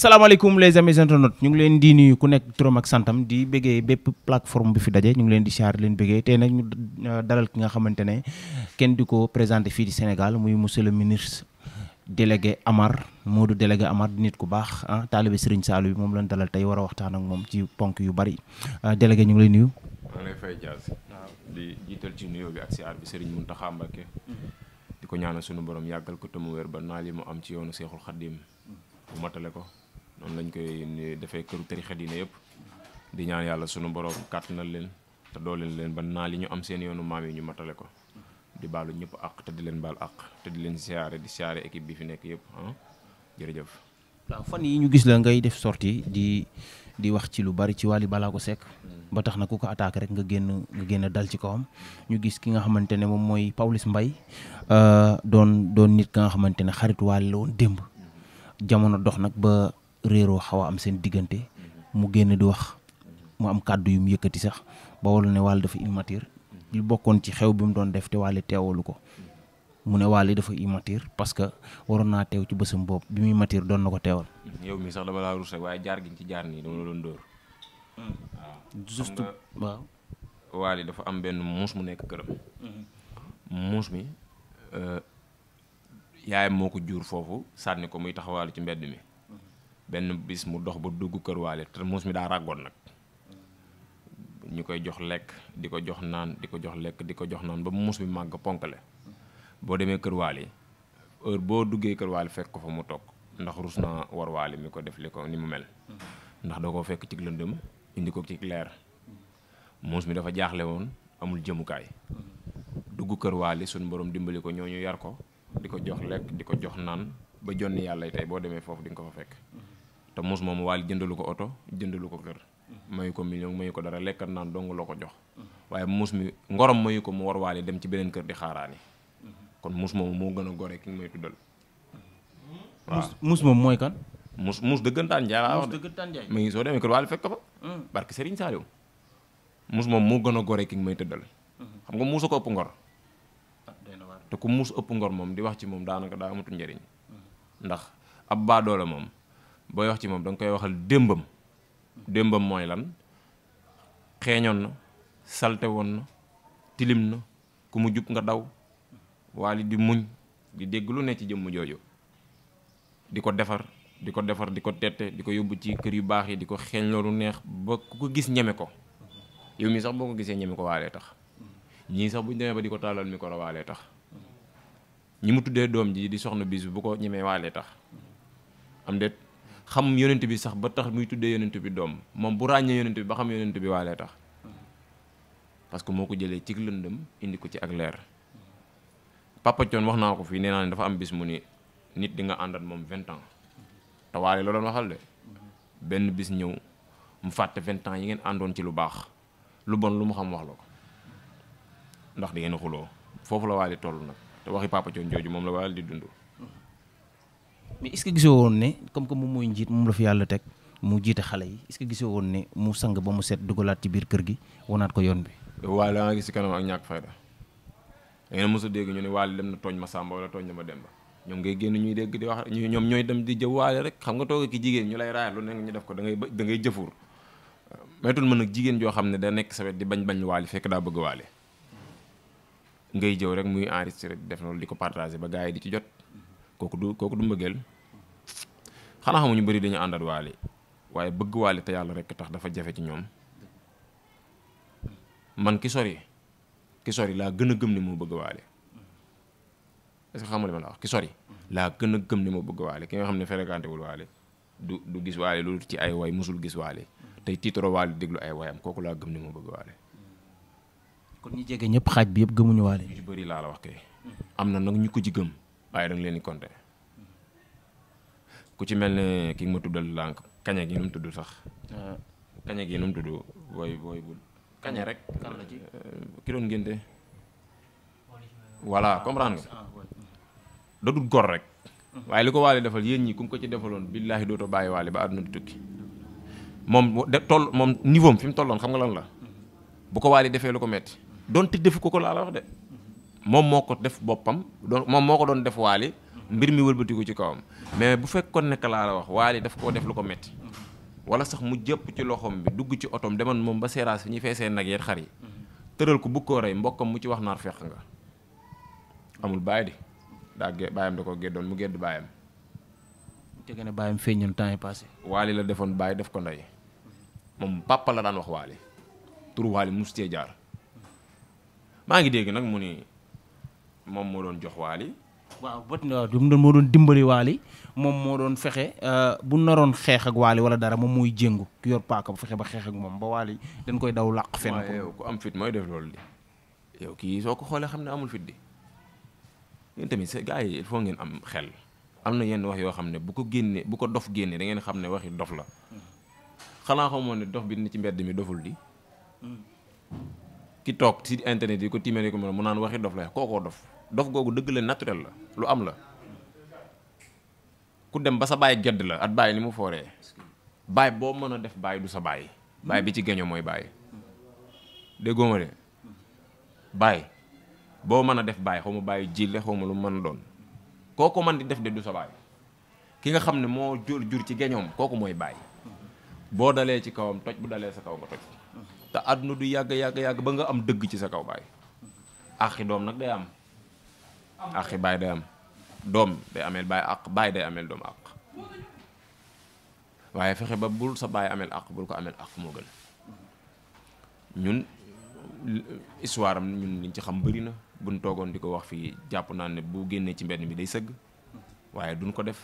salaamaaleykum les amis internautes ñu ngi leen di nuyu ku nekk turam ak santam di bëggee bépp plateforme bi fi daje ñu ngi leen di siyaar leen bëggee tey nag ñu euh, dalal ki nga xamante ne kenn di ko présenté fii di Sénégal muy monsieur le ministre délégué Amar Modou délégué Amar di nit ku baax ah taalibe Serigne Saliou bi moom lañ dalal tey war a waxtaan ak moom ci ponk yu bari euh, délégué ñu ngi lay nuyu. ñu lay fay Diaz. waaw di jiital ci nuyoo bi ak siyaar bi Serigne Mountakha Mbacké mm-hmm. di ko ñaanal sunu borom yàggal ko te mu wér ba naa li mu am ci yoonu Seexul Xaddim matale ko. noonu lañ koy defee këru tarixa diine yëpp di ñaan yàlla sunu borom na leen te dooleel leen leen ba naa li ñu am seen yoonu maam yi ñu matale ko di baalu ñëpp àq te di leen baal àq te di leen siyaare di siyaare équipe bi fi nekk yëpp ah jërëjëf. fan yi ñu gis la ngay def sorti di di wax ci lu bari ci balaa ko Seck ba tax na ku ko attaque rek nga génn nga génn dal ci kawam ñu gis ki nga xamante ne moom mooy Pawlish mbay euh, doon doon nit ka nga xamante ne xarit Wally la woon démb dox nag réeroo xaw am seen diggante mu génn di wax mu am kàddu yu yëkkati sax ba walu ne Wally dafa immature li bokkoon ci xew bi mu doon def te Wally teewalu ko mu ne Wally dafa immature parce que waroon naa teew ci bésam boobu bi muy mature doon na ko teewal. yow mii sax dama laa rus rek waaye jaar gi ci jaar nii dama la doon dóor. Hmm. juste waaw Wally dafa am benn muus mu nekk këram. Hmm. muus mi euh, yaayam moo ko jur foofu sànni ko muy taxawaalu ci mbedd mi. benn bis mu dox ba dugg kër waale te muus mi daa ràggoon nag ñu koy jox lekk di ko jox naan di ko jox lekk di ko jox naan ba muus mi màgg ponkale boo demee kër waale heure boo duggee kër waale fekk ko fa mu toog ndax rus naa mi ko def ko ni mu mel ndax doo ko fekk ci lëndëm indi ko ci leer muus mi dafa jaaxle woon amul jëmukaay dugg kër waali suñu borom dimbali ko ñooñu yar ko di ko jox lekk di ko jox naan ba jonni yàlla tey boo demee foofu di nga ko fa fekk te muus moom waali jëndalu ko oto jëndalu ko kër mayu ko million mayu ko dara lekkat naan dong la ko jox waaye muus mi ngorom mayu ko mu war waali dem ci beneen kër di xaaraani kon muus moom moo gën a gore ki may tuddal waaw muus moom mooy kan muus muus dëggantaan njaay laa wax de ma ngi soo demee kër waali fekk ko fa mm. barke Serigne Saliou moom moo gën a gore ki may tëddal mm-hmm. xam nga muus a ko ëpp ngor ah, te ku muus ëpp ngor moom di wax ci moom daanaka daa amatu njëriñ mm-hmm. ndax ab baadoola moom booy wax ci moom danga koy waxal démbam démbam mooy lan xeeñoon na salte woon na tilim na ku mu jub nga daw waali di muñ di dégg lu ne ci jëmm jooju di ko defar di ko defar di ko tette di ko yóbbu ci kër yu baax yi di ko xeeñ loolu neex ba ku ko gis ñeme ko yow mii sax boo ko gisee ñeme ko waalee tax ñii sax bu demee ba di ko tàllal mi ko la waalee tax ñi mu tuddee doom ji di soxna bis bu ko ñemee waalee tax am déet xam yonent bi sax ba tax muy tuddee yonent bi doom moom bu ràññee yonent bi ba xam yonent bi waalee tax parce que moo ko jëlee ci lëndëm indi ko ci ak leer Papa wax naa ko fii nee naa ne dafa am bis mu ni nit di nga àndat moom vingt ans te waaye la doon waxal de benn bis ñëw mu fàtte vingt ans yi ngeen àndoon ci lu baax lu bon lu mu xam wax la ko ndax di ngeen xuloo foofu la waale toll nag te waxi Papa jooju moom la waale di dund mais est-ce gisoo woon ne comme que moom mooy njiit moom la fi yàlla teg mu jiite xale yi est-ce gisoo woon ne mu sang ba mu set dugalaat ci biir kër gi wanaat ko yoon bi. waaye da nga gis si ak ñàkk fayda da ngeen mos a dégg ñu ne waale dem na tooñ ma Samba wala tooñ na ma Demba ñoom ngay génn ñuy dégg di wax ñoom ñooy dem di jëw waale rek xam nga toog ki jigéen ñu lay raayal lu ne ñu def ko da ngay da ngay jëfur maytul ma nag jigéen joo xam ne da nekk sa di bañ-bañ waali fekk daa bëgg waale ngay jëw rek muy enregistré di def loolu di ko partagé ba gars yi di ci jot kooku du kooku du mbëggeel xanaa xamuñu bari dañu àndat waale waaye bëgg waale te yàlla rek tax dafa jafe ci ñoom man ki sori ki sori laa gën a gëm ne moo bëgg waale est-ce que xam ki sori laa gën a gëm ne moo bëgg waali ki nga xam ne fréquenté waale du du gis waale loolu ci ay way musul gis waale tey tiitoro waale déglu ay wayam kooku laa gëm ne moo bëgg waale. kon ñu jege ñëpp xaaj bi yëpp gëmuñu waale. ñu ci bëri laa la wax kay. am na nag ñu ko ci gëm waaye danga leen di compter ku ci mel ne ki ma tuddal lànk kaña gi nu mu tudd sax. Ah. kaña gi nu mu tudd rek. kan la ci eh, ki doon ngénte. voilà ah, mm-hmm. waaye li ko waale defal yéen ñi ku ko ci defaloon billaahi dootoo bàyyi waale ba àdduna di tukki. moom de toll moom niveau am fi mu tolloon xam nga lan la. Mm-hmm. bu ko waale defee lu ko metti donte defu ko ko laa la wax de. moom moo ko def boppam doon moom moo ko doon def waali mbir mi wëlbatiku ci kawam mais bu fekkoon nekk laa la wax waali daf koo def lu ko metti wala sax mu jëpp ci loxoom bi dugg ci otoom demoon moom ba seeraas fi ñuy feesee nag yet xar yi tëral ko bëgg koo rey mbokkam mu ci wax naar fekk nga amul bàyyi di daa gé bàyyam da ko géddoon mu gédd bàyyam te gën ne bàyyam feeñoon temps yi passé waali la defoon bàyyi def ko ndey moom papa la daan wax waali tur waali mustee jaar maa ngi dégg nag mu moom moo doon jox waali waaw bët na waaw moo doon dimbali waali moom moo doon fexe euh, bu naroon xeex ak waali wala dara moom mooy jéngu ki yor paaka bu fexe ba xeex ak moom ba waali dañ koy daw làq fenn ko yow mooy def loolu di yow soo ko xoolee xam ne amul fit di yéen tamit sa gars yi am xel am na yenn wax yoo xam ne bu ko génnee bu ko dof génnee da ngeen xam ne waxi dof la xanaa xamoo ne dof bi ni ci mbedd mi doful di hmm. ki toog ci internet yi ko tiimee ko mu naan waxi dof la kookoo dof dof googu dëgg la naturel la lu am la ku dem ba sa baay gedd la at baay ni mu fooree baay boo mën a def baay du sa baay baay bi ci geño mooy baay déggoo ma de baay boo mën a def baay xaw ma baay jille xaw ma lu mën a doon ko mën di def de du sa baay ki nga xam ne moo jur jur ci geñoom kooku mooy baay boo dalee ci kawam toj bu dalee sa kaw nga toj te àdduna du yàgg yàgg yàgg ba nga am dëgg ci sa kaw baay axi doom nag day am àqi baay day am doom day ameel baay àq baay day ameel doom àq waaye fexe ba bul sa baay ameel àq bul ko ameel àq moo gën ñun histoire am ñun liñ ci xam bëri na buñ toogoon di ko wax fii jàpp naa ne bu génnee ci mbenn mi day sëgg waaye duñ ko def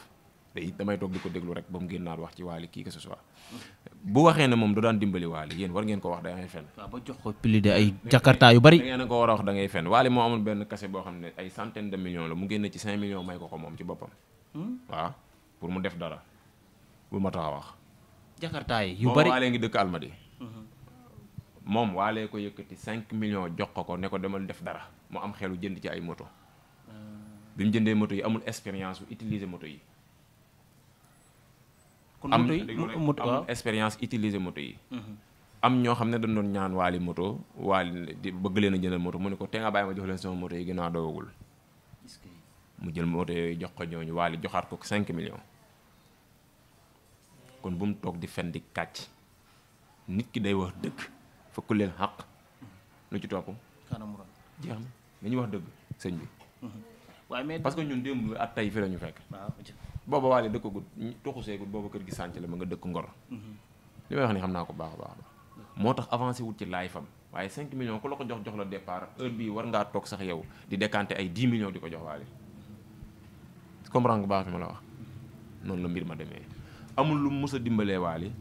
day damay toog di ko déglu rek ba mu génnaat wax ci waali kii que ce soit bu waxee ne moom du daan dimbali waali yéen war ngeen ko wax da ngay fen waaw ba jox ko plus de ay jakarta yu bari da ngeen ko war a wax da ngay fen waali moo boo xam ne ay centaine de millions la mu génn ci 5 millions may ko ko moom hmm? pour mu def dara bu ma wax jakarta yi yu bari waalee ngi dëkk almadi hmm. moom waalee ko yëkkati 5 million jox ko ko ne ko demal def dara mu am xelu jënd ci ay moto hmm. bi mu jëndee moto yi amul expérience bu utiliser moto yi kon moto yi moto am expérience utiliser moto yi. Mhm. am ñoo xam ne dañ doon ñaan waali moto waali di bëgg leen a jëndal moto mu ne ko te nga bàyyi ma jox leen sama moto yi ginnaaw doogagul. mu jël moto yooyu jox ko ñooñu waali joxaat ko 5 millions. kon bu mu toog di fen di kàcc nit ki day wax dëgg fëkk leen xaq. lu mhm. ci topp. kanam ron jeex wax dëgg sëñ bi. Mhm. waaye mais parce que ñun démb ak fi la ñu fekk. booba waale dëkkagut toxuseegut booba kër gi sànc la ma nga dëkk ngor mhm. li may wax ni xam naa ko baax a baax moo tax avancé wut ci laay fam waaye cinq millions ku la ko jox jox la départ heure bii war ngaa toog sax yow di décanté ay 10 millions di ko jox waale comprendre nga baax fi ma la wax mhm. noonu la mbir ma demee amul lu mës a dimbalee waali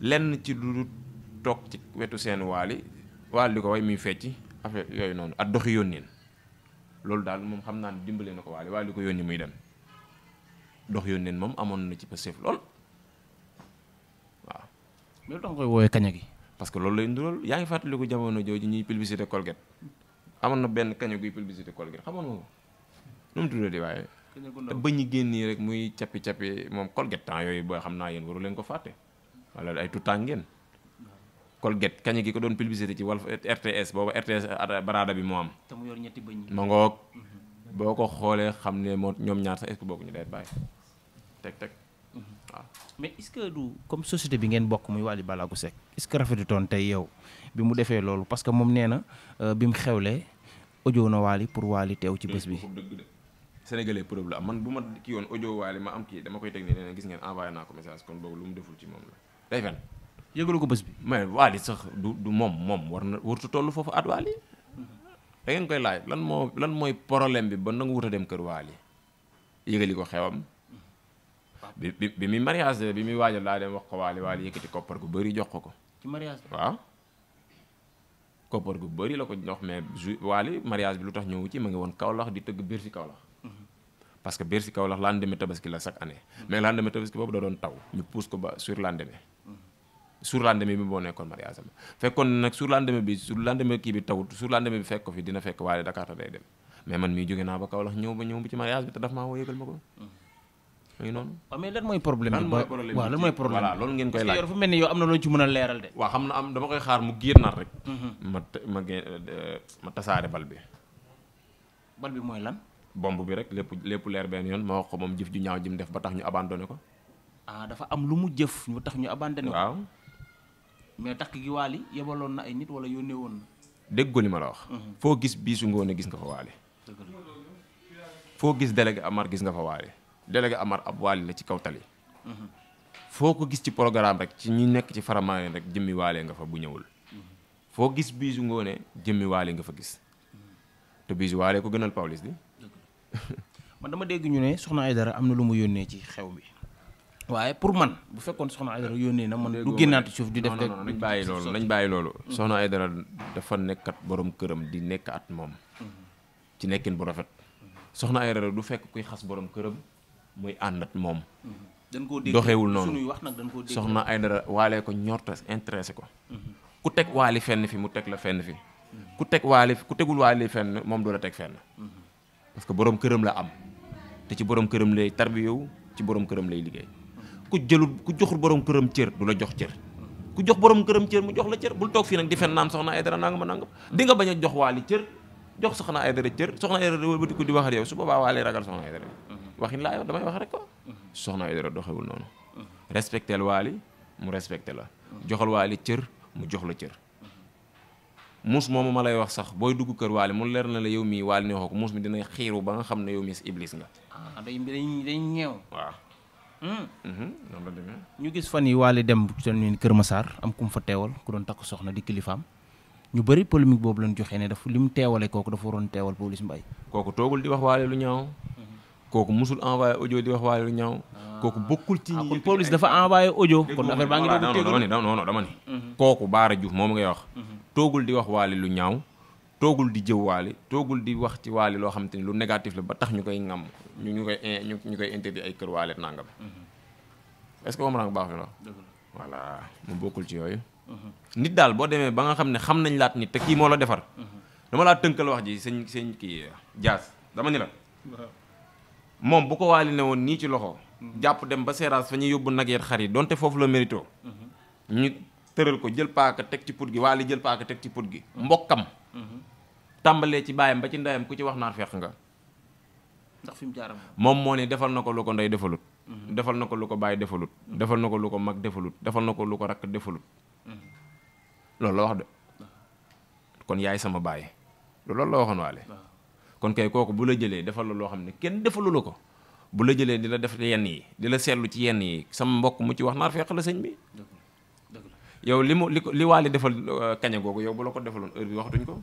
lenn ci lu toog ci wetu seen waali waali di ko way muy fecci affaire yooyu noonu ak doxi yónnin loolu daal moom xam naa ne dimbalee na ko waali waali ko yónni muy dem dox yoon neen moom amoon na ci Pastef lool waaw. mais lu koy woowee kaña gi. parce que loolu lay ndural yaa ngi fàttaliku jamono jooju ñuy publicité Colgate amoon na benn kaña guy publicité Colgate xamoon nga ko nu mu tuddati waaye. te ba ñu génnee rek muy cappi cappi moom Colgate temps yooyu booy xam naa yéen waru leen ko fàtte wala ay tout ngeen. Colgate kañ gi ko doon publicité ci Walf RTS booba RTS barada bi moo am. te mu yor ñetti bëñ. ma boo ko xoolee xam ne moo ñoom ñaar sax est-ce que bokkuñu day bàyyi teg teg waaw. mais est-ce que du comme société bi ngeen bokk muy Wally Ballago Seck est-ce que tey yow bi mu defee loolu parce que moom nee na euh, bi mu xewlee audio na Wally pour Wally teew ci bés bi. Sénégalais problème am man bu ma kii woon audio Wally ma am kii dama koy teg nii nee gis ngeen envoyé naa ko message kon boobu lu mu deful ci moom la day fen yëgalu ko bés bi mais Wally sax du du moom moom war na wartu toll foofu at Wally da ngeen koy laaj lan moo lan mooy poroblème bi ba nangu wut dem kër waal Waali yëgali ko xewam bi bi bi muy mariage bi muy waajal laa dem wax ko Waali Waali yëkkati koppar gu bëri jox ko ko. ci mariage waaw. koppar gu bëri la ko jox mais ju Waali mariage bi lu tax ñëwu ci ma ngi woon Kaolack di tëgg Bercy Kaolack. Mhm. parce que Bercy Kaolack lendemain tabaski la chaque année. Mhm. mais lendemain tabaski boobu da doon taw. ñu pousse ko ba sur lendemain. sur lendemain bi moo nekkoon mariage am fekkoon nag sur lendemain bi sur lendemain kii bi tawut sur lendemain bi fekk ko fi dina fekk waaye Dakar te day dem mais man mii jóge naa ba Kaolack ñëw ba ñëw bi ci mariage bi te daf ma lan mooy problème bi ba waaw lan mooy problème loolu ngeen koy laaj. parce a leeral de. waaw xam na am dama koy xaar mu génn naat rek. Mhm. ma ma ma tasaare bal bi. bal bi mooy lan. bomb bi rek lépp lépp leer benn yoon ma wax ko moom jëf ju ñaaw ji mu def ba tax ñu ne ko. ah dafa am lu mu jëf ñu tax ñu abandonné ko. waaw mais takk gi waali yebaloon na ay nit wala yónnee woon na. dégg li ma la wax. Mhm. foo gis biisu ngoone gis nga fa waali. foo gis délégué Amar gis nga fa waali délégué Amar ab waali la ci kaw tali. Mhm. foo ko gis ci programme rek ci ñu nekk ci faramaare rek jëmmi waalee nga fa bu ñëwul. Mhm. foo gis biisu ngoone jëmmi waale nga fa gis. te biisu waale ko gënal Pawlish bi. man dama dégg ñu ne soxna dara am na lu mu yónnee ci xew bi. waaye pour man bu fekkoon soxna Aydara yónnee na man du génnaati suuf di def rek nañ bàyyi loolu nañ bàyyi loolu soxna Aydara dafa nekkat borom këram di nekk at moom ci nekkin bu rafet soxna Aydara du fekk kuy xas borom këram muy ànd àndat moom doxewul noonu soxna ay dara waalee ko ñorta intéressé ko ku teg waali fenn fi mu teg la fenn fi ku teg waali ku tegul waali fenn moom doo la teg fenn parce que borom këram la am te ci borom këram lay tarbiyewu ci borom këram lay liggéey ku jëlul ku joxul borom këram cër du la jox cër ku jox borom këram cër mu jox la cër bul toog fii nag di fen naan soxna Aydara nangam nangam di nga bañ a jox waali cër jox soxna Aydara cër soxna Aydara wala di ko di wax ak yow su boobaa waali ragal soxna Aydara damay wax rek ko soxna Aydara doxewul noonu respectel waali mu respecté la joxal waali cër mu jox la cër muus moomu ma lay wax sax booy dugg kër waale mu leer na la yow mii waale ne waxoo ko muus mi dina xiiru ba nga xam ne yow mii si iblis nga. Ah, day ñeew. noonu la demee. ñu gis fan yi waale dem seen Kër Massar am ku mu fa teewal ku doon takk soxna di kilifaam ñu bëri polémique boobu lañ joxee ne dafa li mu teewalee kooku dafa waroon teewal Pawlish Mbaye kooku toogul di wax waale lu ñaaw. Mm-hmm. kooku musul envoyé audio di wax waale lu ñaaw. Ah. kooku bokkul ci ñi. Ah, kon Pawlish dafa envoyé ojo kon affaire baa ngi doon dama ni non non dama ni. Mm-hmm. kooku Baara Diouf moom ngay wax. Mm-hmm. toogul di wax waale lu ñaaw. toogul di jëw waali toogul di wax ci waali loo xam ni lu négatif la ba tax ñu koy ŋàmm ñu ñu koy ñu koy interdit ay kër waale nangam. Mm-hmm. est-ce que comprendre baax na voilà mu bokkul ci yooyu. Mm-hmm. nit daal boo demee ba nga xam ne xam nañ laat nit te kii moo la defar. Mm-hmm. dama laa tënkal wax ji sañ sëñ kii jaas dama ni la. moom bu ko waali ne woon nii ci loxo. jàpp dem ba seeraas fa ñuy yóbbu nag yeet xar yi donte foofu la mérito. ñu tëral ko jël paaka teg ci put gi waali jël paaka teg ci put gi mbokkam. tàmbalee ci baayam ba ci ndeyam ku ci wax naar feq nga ndax fi mu jaaram moom moo ne defal na ko lu ko ndey defalut mhm. defal na ko lu ko bàyyi defalut mhm. defal na ko lu ko mag defalut defal na ko lu ko rakk defalut mhm. loolu la wax de kon yaay sama baay loolu la waxoon waale kon kay kooku bu la jëlee defal la loo xam ne kenn defalu ko bu la jëlee di la def yenn yi di la seetlu ci yenn yi sama mbokk mu ci wax naar feq la sëñ bi yow li mu li ko li waale defal euh, kaña googu yow bu la ko defaloon heure bi waxatuñ ko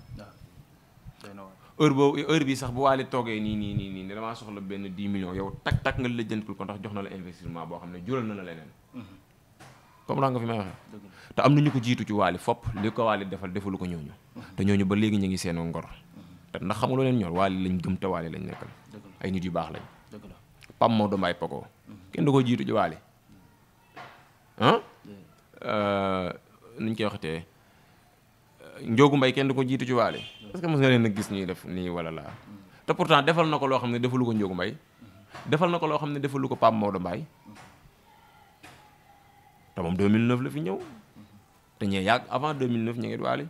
heure boobu heure bi sax bu waale toogee nii nii nii nii ne damaa soxla benn 10 millions yow tak tak nga lëjjantul ko ndax jox na la investissement boo xam ne jural na la leneen comme nga fi may waxee te am na ñu ko jiitu ci waali fopp li ko waali defal defalu ko ñooñu te ñooñu ba léegi ñu ngi seen ngor te ndax xamuloo leen ñor waali lañ gëm te waali lañ nekkal ay nit yu baax lañ Pam Maodo Mbaye Poko mhm. kenn du ko jiitu ci waali euh, koy waxatee euh, Njoogu Mbay kenn da ko jiitu ci waali parce que mos nga leen a gis ñuy def nii wala laa te pourtant defal na ko loo xam ne defalu ko Ndiogou Mbaye defal na ko loo xam ne defalu ko Pape Maodo Mbaye te moom 2009 la fi ñëw te ñee yàgg avant 2009 ñu ngi waali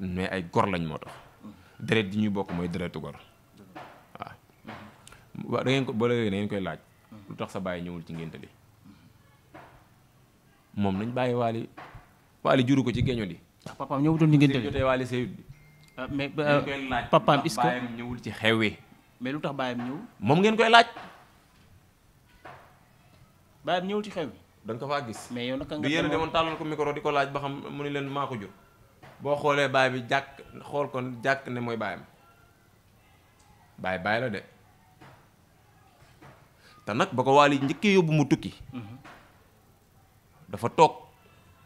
mais ay gor lañ moo tax deret yi ñuy bokk mooy deretu gor waaw da ngeen ko ba léegi koy laaj lu tax sa bàyyi ñëwul ci ngénte moom nañ bàyyi waali waali juru ko ci géño di ndax papaam ñëwutoon ci ngénte jotee waale sëyut bi euh, mais euh, papaam est-ce que baayam ñëwul ci xew wi mais lu tax baayam ñëwul moom ngeen koy laaj baayam ñëwul ci xew wi ko faa gis mais yow naka nga yéen a demoon tàllal ko micro di ko laaj ba xam mu ni leen maa ko jur boo xoolee baay bi jàkk xool ko jàkk ne mooy baayam baay baay la de te nag ba ko waali njëkkee yóbbu mu tukki mhm. dafa toog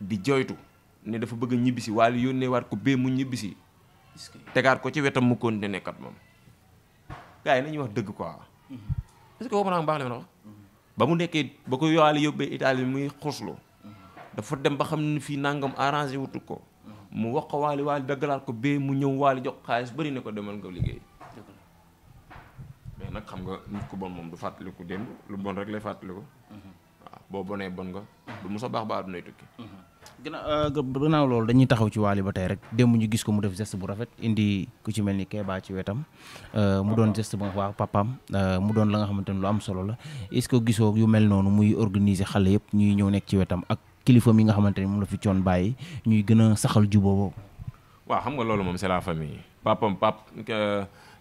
di jooytu ne dafa bëgg ñibbisi waali yónnee waat ko bee mu ñibbisi tegaat ko ci wetam mu continué nekkat moom gars yi nañuy wax dëgg quoi est-ce que woo baax la wax ba mu nekkee ba ko waali yóbbee Italie muy xuslu dafa dem ba xam ni fii nangam arrangé wutu ko mu wax ko waali waali daggalaat ko bee mu ñëw waali jox xaalis bari ne ko demal nga liggéey mais nag xam nga nit ku bon moom du fàttaliku démb lu bon rek lay fàttaliku mhm. waaw boo bonee bon nga mhm. du mos a baax Euh, gannaaw loolu dañuy taxaw ci Wally ba tey rek démb ñu gis ko mu def geste bu rafet indi ku ci mel ni Kéba ci wetam euh, mu doon geste bu nga wax papaam euh, mu doon la nga xamante ne lu am solo la est ko gisoo yu mel noonu muy organiser xale yëpp ñuy ñëw nekk ci wetam ak kilifa mi nga xamante ni moom la fi coon bàyyi ñuy gën a saxal juboo boobu. waaw xam nga loolu moom c'est la famille papam pap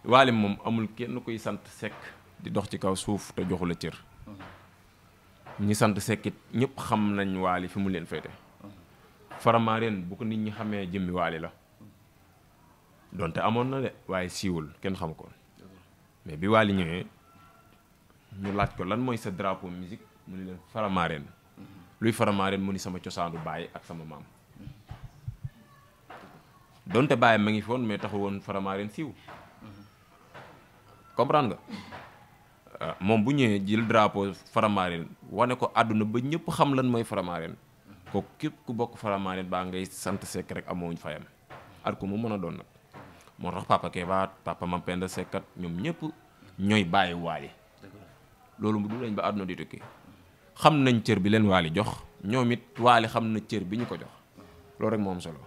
Wally moom amul kenn kuy sant Seck di dox ci kaw suuf te joxu la cër mhm. ñi sant Seck ñëpp xam nañ Wally fi mu leen féete. Faramareen bu ko nit ñi xamee jëmmi waali la donte amoon na de waaye siiwul kenn xam ko mais bi waali ñëwee ñu laaj ko lan mooy sa drapo musique mu ni leen Faramareen luy Faramareen mu ni sama cosaanu baay ak sama maam donte baayam ma ngi fi woon mais taxul woon Faramareen siiw comprendre nga euh, moom bu ñëwee jël drapeau Faramareen wane ko àdduna ba ñëpp xam lan mooy Faramareen kooku képp ku bokk Faramaren baa ngay sant Seck rek amooñ fayam at ku mu mën a doon nag moo tax papa Keba papa Mampenda Seck kat ñoom ñëpp ñooy bàyyi waali loolu mu du lañ ba àdduna di tukki xam nañ cër bi leen waali jox ñoom it waali xam na cër bi ñu ko jox loolu rek moom solo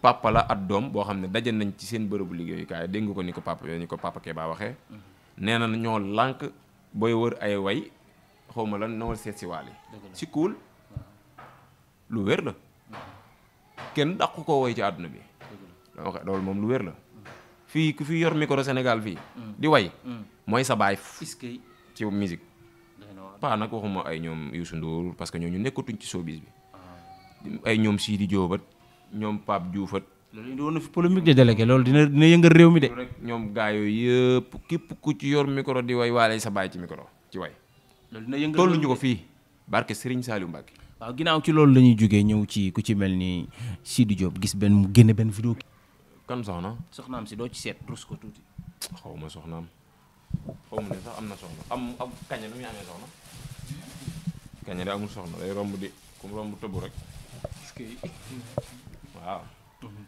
papa la at doom boo xam ne daje nañ ci seen bërëbu liggéeyukaay dégg nga ko ni ko papa ni ko papa Keba nee na ñoo lànk booy wër ay way xaw ma lan nawal seet si waali si lu wér la kenn dàqu koo woy ci àdduna bi loolu moom lu wér la fii ku fi yor micro senegal fii di way mooy sa baay ci musique paa nag waxuma ay ñoom Youssou Ndour parce que ñu nekkatuñ ci showbiz bi ah. ay ñoom Sidi di at ñoom Pape Diouf at loolu indi woon na fi polémique dina dina yëngal réew mi de. rek ñoom gaa yooyu yëpp képp ku ci yor micro di way waale sa baay ci micro ci way. tolluñu ko fii barke Serigne Saliou Mbacke. waaw ginnaaw ci loolu lañuy ñuy jógee ñëw ci ku ci mel ni Sidi Diop gis benn mu génne benn vidéo. kan soxna. soxnaam si doo ci seet rus ko tuuti. xaw ma soxnaam xaw ma sax am na soxna am am kaña nu muy amee soxna kaña de amul soxna day romb di ku romb tëbu rek. waaw. Mhm.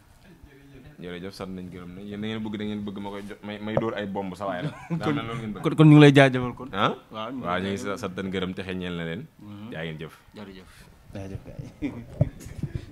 jërëjëf sant nañ gërëm nañ yéen da ngeen bëgg bëgg ma koy may may dóor ay bomb sa waay rek kon kon ñu ngi lay jaajëfal kon ah waaw ñu ngi sant gërëm te xeñeel na leen jaa mhm. ngeen jëf jërëjëf